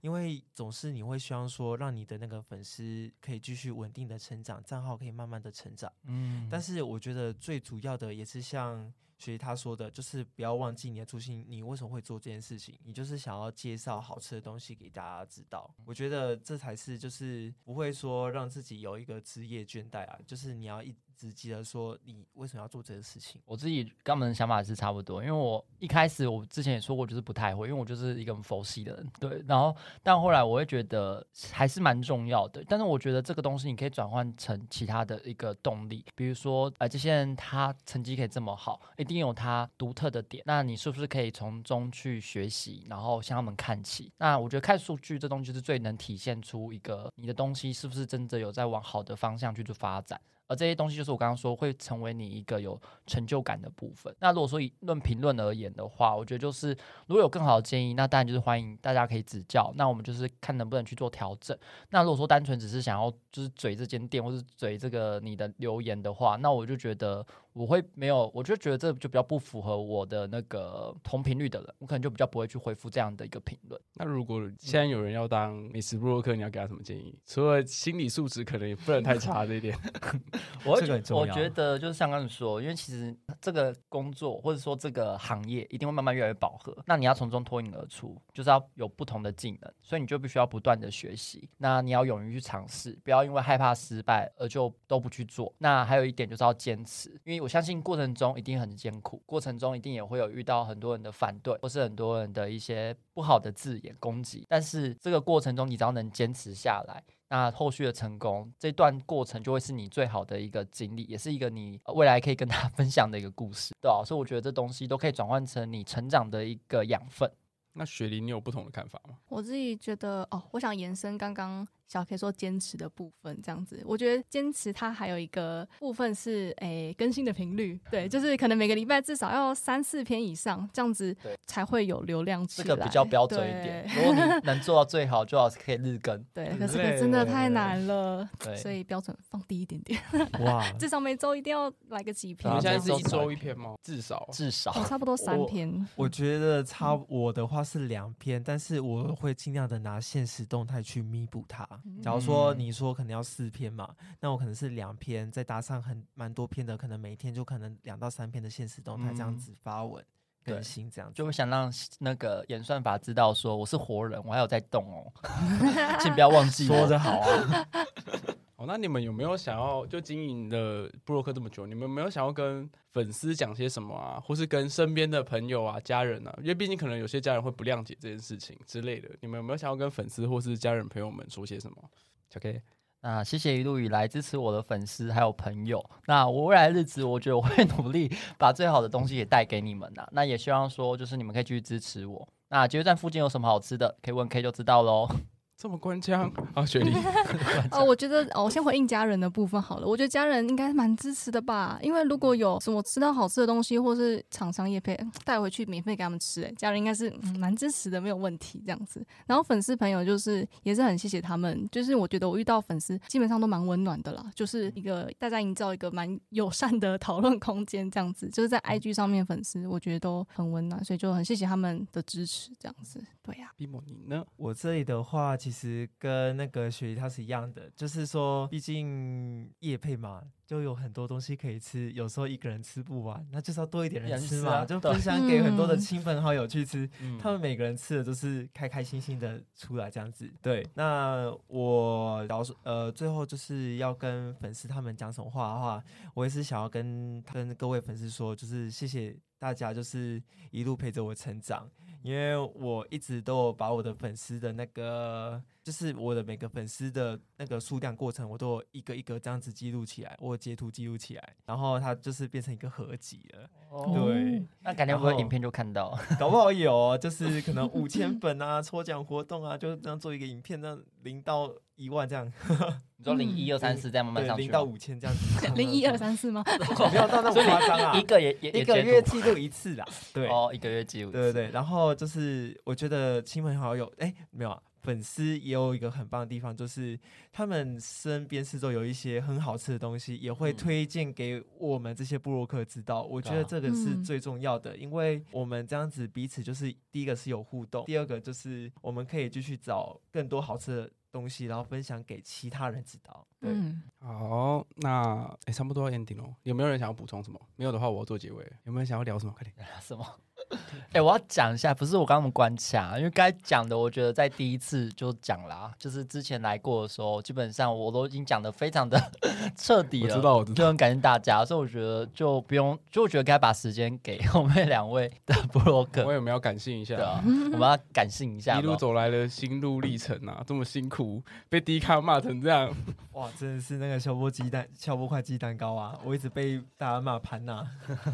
因為總是你會希望說讓你的那個粉絲可以繼續穩定的成長，賬號可以慢慢的成長。嗯，但是我覺得最主要的也是像。所以他說的就是不要忘記你的初心，你為什麼會做這件事情？你就是想要介紹好吃的東西給大家知道。我覺得這才是就是不會說讓自己有一個職業倦怠啊，就是你要一。只記得說，你為什麼要做這些事情？我自己跟他們的想法，也是差不多，因為我一開始我之前也說過，就是不太會，因為我就是一個很佛系的人。對，然後但後來我會覺得還是蠻重要的。但是我覺得這個東西你可以轉換成其他的一個動力，比如說，哎、呃，這些人他成績可以這麼好，一定有他獨特的點。那你是不是可以從中去學習，然後向他們看齊？那我覺得看數據這東西就是最能體現出一個你的東西是不是真的有在往好的方向去做發展。而這些東西就是我剛剛說會成為你一個有成就感的部分。那如果說以論評論而言的話，我覺得就是如果有更好的建議，那當然就是歡迎大家可以指教。那我們就是看能不能去做調整。那如果說單純只是想要就是嘴這間店或者嘴這個你的留言的話，那我就覺得。我會沒有，我就覺得這就比較不符合我的那個同頻率的人，我可能就比較不會去回復這樣的一個評論。那如果現在有人要當美食部落客，你要給他什麼建議？除了心理素質可能也不能太差 <laughs> 這一點， <laughs> 我我覺得就是像剛才說，因為其實這個工作或者說這個行業一定會慢慢越來越飽和，那你要從中脫穎而出，就是要有不同的技能，所以你就必須要不斷的學習。那你要勇於去嘗試，不要因為害怕失敗而就都不去做。那還有一點就是要堅持，因為。我相信過程中一定很艱苦，過程中一定也會有遇到很多人的反對，或是很多人的一些不好的字眼攻擊。但是這個過程中，你只要能堅持下來，那後續的成功，這段過程就會是你最好的一個經歷，也是一個你未來可以跟他分享的一個故事，對啊，所以我覺得這東西都可以轉換成你成長的一個養分。那雪梨，你有不同的看法嗎？我自己覺得哦，我想延伸剛剛。小 K 說堅持的部分這樣子，我覺得堅持它還有一個部分是誒、欸、更新的頻率，對，就是可能每個禮拜至少要三四篇以上這樣子，才會有流量值這個比較標準一點。能做到最好最 <laughs> 好可以日更，對，可是真的太難了對對對對，所以標準放低一點點，哇， <laughs> 至少每周一定要來個幾篇。你們現在是一周一篇嗎？至少至少，哦、差不多三篇我我覺得差我的話是兩篇，嗯，但是我會盡量的拿限時動態去彌補它，假如說你說可能要四篇嘛、嗯，那我可能是兩篇，再搭上很蠻多篇的，可能每天就可能兩到三篇的限時動態這樣子發文更新，嗯、這樣子就會想讓那個演算法知道說我是活人，我還有在動哦，請 <laughs> <laughs> 不要忘記 <laughs> 說着著好啊。 <laughs> <laughs> 哦，那你們有沒有想要就經營的部落客這麼久，你們有沒有想要跟粉絲講些什麼啊，或是跟身邊的朋友啊、家人啊？因為畢竟可能有些家人會不諒解這件事情之類的，你們有沒有想要跟粉絲或是家人朋友們說些什麼？OK，那、呃、謝謝一路以來支持我的粉絲還有朋友。那我未來的日子，我覺得我會努力把最好的東西也帶給你們吶、啊。那也希望說，就是你們可以繼續支持我。那捷運站附近有什麼好吃的，可以問 K 就知道嘍。這麼官腔啊，雪梨。 <laughs> 哦，我覺得哦，我先回應家人的部分好了。我覺得家人應該蠻支持的吧，因為如果有什麼吃到好吃的東西，或是廠商業配帶回去免費給他們吃，哎，家人應該是蠻支持的，沒有問題這樣子。然後粉絲朋友就是也是很謝謝他們，就是我覺得我遇到粉絲基本上都蠻溫暖的啦，就是一個大家營造一個蠻友善的討論空間這樣子，就是在 IG 上面粉絲我覺得都很溫暖，所以就很謝謝他們的支持這樣子。對呀、啊，Bimo 你呢？我這裡的話，其其實跟那個雪梨她是一樣的，就是說，畢竟業配嘛，就有很多東西可以吃，有時候一個人吃不完，那就是要多一點人吃嘛，啊、就分享給很多的親朋好友去吃，嗯，他們每個人吃的都是開開心心的出來這樣子。嗯、對，那我呃，最後就是要跟粉絲他們講什麼話的話，我也是想要跟跟各位粉絲說，就是謝謝大家，就是一路陪着我成長。因為我一直都有把我的粉絲的那個，就是我的每個粉絲的，那個數量過程，我都一個一個這樣子記錄起來，我有截圖記錄起來，然後它就是變成一個合集了。哦、對、哦，那改天不會影片就看到，搞不好有、啊， <laughs> 就是可能五千粉啊，抽獎活動啊，就這樣做一個影片，那零到一萬這樣，然後零一二三四再慢慢上去，零到五千這樣子，零一二三四嗎？沒有到那麼誇張啊，一個也一個月記錄一次啦。對，哦，一個月記錄一次，對，對，對，然後就是我覺得親朋好友，哎、欸，沒有啊。粉絲也有一個很棒的地方，就是他們身邊四周有一些很好吃的東西，也會推薦給我們這些部落客知道、嗯。我覺得這個是最重要的，啊嗯、因為我們這樣子彼此就是第一個是有互動，第二個就是我們可以繼續找更多好吃的東西，然後分享給其他人知道。對，嗯、好，那哎、欸，差不多 ending 了、哦，有沒有人想要補充什麼？沒有的話，我要做結尾。有沒有人想要聊什麼？快點，聊什麼？哎、 <laughs> 欸，我要講一下，不是我剛剛我們關卡，因為該講的，我覺得在第一次就講啦，就是之前來過的時候，基本上我都已經講得非常的徹 <laughs> 底了，知道我知道就很感謝大家，所以我覺得就不用，就我覺得該把時間給我們兩位的部落客，我有沒有感性一下？啊， <laughs> 我們要感性一下好不好 <laughs> 一路走來的心路歷程啊，這麼辛苦，被 Dcard 罵成這樣， <laughs> 哇，真的是那個敲波雞蛋敲破塊雞蛋糕啊，我一直被大家罵潘娜，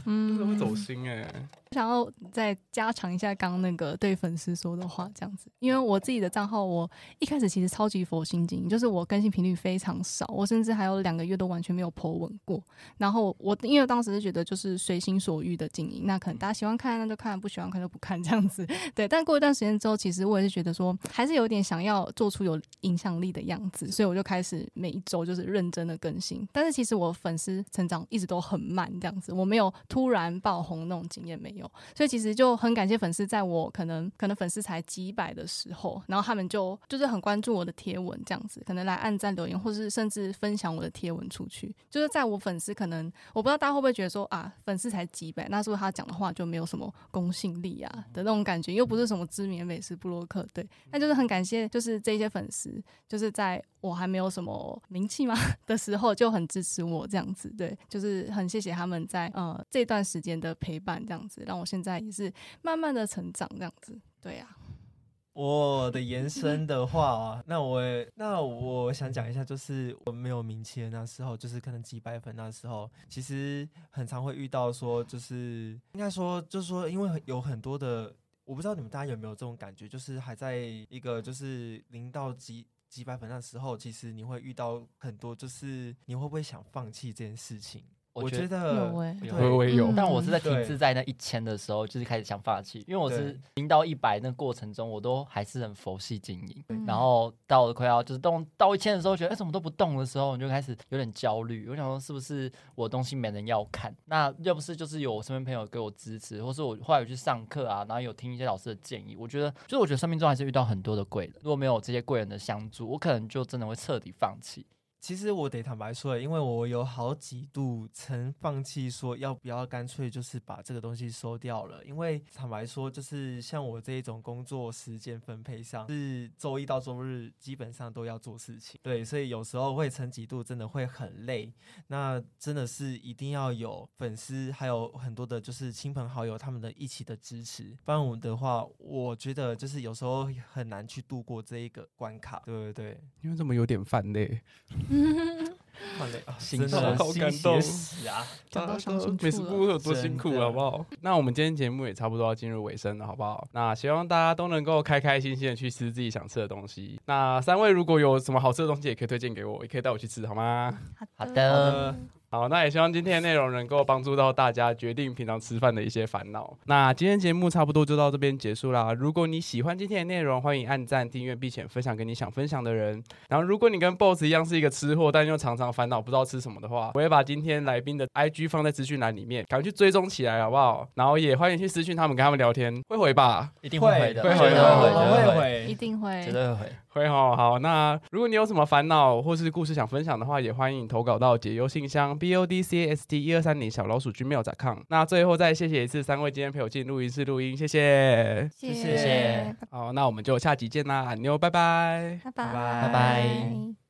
就 <laughs> 是走心哎、欸。想要再加強一下剛那個對粉絲說的話，這樣子，因為我自己的賬號，我一開始其實超級佛心經營，就是我更新頻率非常少，我甚至還有兩個月都完全沒有 po 文過。然後我因為我當時是覺得就是隨心所欲的經營，那可能大家喜歡看那就看，不喜歡看就不看這樣子。對，但過一段時間之後，其實我也是覺得說還是有點想要做出有影響力的樣子，所以我就開始每一周就是認真的更新。但是其實我粉絲成長一直都很慢，這樣子，我沒有突然爆紅那種經驗沒有。所以其實就很感謝粉絲，在我可能可能粉絲才幾百的時候，然後他們就就是很關注我的貼文這樣子，可能來按讚留言，或是甚至分享我的貼文出去。就是在我粉絲可能我不知道大家會不會覺得說啊，粉絲才幾百，那是不是他講的話就沒有什麼公信力啊的那種感覺？又不是什麼知名美食部落客，對，那就是很感謝，就是這些粉絲，就是在我還沒有什麼名氣嘛的時候，就很支持我這樣子，對，就是很謝謝他們在呃這段時間的陪伴這樣子。讓我現在也是慢慢的成長這樣子，對呀、啊。我的延伸的話， <laughs> 那我那我想講一下，就是我沒有名氣的那時候，就是可能幾百粉那時候，其實很常會遇到說，就是應該說，就是說，因為有很多的，我不知道你們大家有沒有這種感覺，就是還在一個就是零到幾幾百粉那時候，其實你會遇到很多，就是你會不會想放棄這件事情？我覺得，我覺得有，哎、欸，我有，但我是在停滯在那一千的時候，就是開始想放棄，因為我是零到一百那過程中，我都還是很佛系經營。然後到快要、啊、就是動到一千的時候，覺得哎、欸，什麼都不動的時候，我就開始有點焦慮。我想說，是不是我東西沒人要看？那要不是就是有我身邊朋友給我支持，或是我後來有去上課啊，然後有聽一些老師的建議，我覺得，就是我覺得生命中還是遇到很多的貴人。如果沒有這些貴人的相助，我可能就真的會徹底放棄。其實我得坦白說，因為我有好幾度曾放棄，說要不要乾脆就是把這個東西收掉了。因為坦白說，就是像我這一種工作時間分配上是週一到週日基本上都要做事情，對，所以有時候會曾幾度真的會很累。那真的是一定要有粉絲，還有很多的就是親朋好友他們的一起的支持，不然我的話，我覺得就是有時候很難去度過這一個關卡，對不對？因為怎麼有點煩累。 <laughs> 好 <laughs> 累 <laughs> <laughs> 啊，真的 <laughs> 好感動，啊、大家都美食部落客 <laughs> 有多辛苦，好不好？那我們今天節目也差不多要進入尾聲了，好不好？那希望大家都能夠開開心心的去吃自己想吃的東西。那三位如果有什麼好吃的東西，也可以推薦給我，也可以帶我去吃，好嗎？好的。好的好，那也希望今天的內容能夠幫助到大家決定平常吃飯的一些煩惱。那今天節目差不多就到這邊結束啦。如果你喜歡今天的內容，歡迎按讚、訂閱，並且分享給你想分享的人。然後，如果你跟 BOSS 一樣是一個吃貨，但又常常煩惱不知道吃什麼的話，我也把今天來賓的 IG 放在資訊欄裡面，趕快去追蹤起來好不好？然後也歡迎去私訊他們，跟他們聊天，會回吧？一定會的，會回的，會回，會回一定會，真的會。哦、好，那如果你有什麼煩惱或是故事想分享的話，也歡迎投稿到解憂信箱 b o d c s t 一二三零小老鼠 Gmail.com。那最後再謝謝一次三位今天陪我進入錄音室錄音，謝謝，謝謝，謝謝。好，那我們就下集見啦，妞，拜拜，拜拜，拜拜。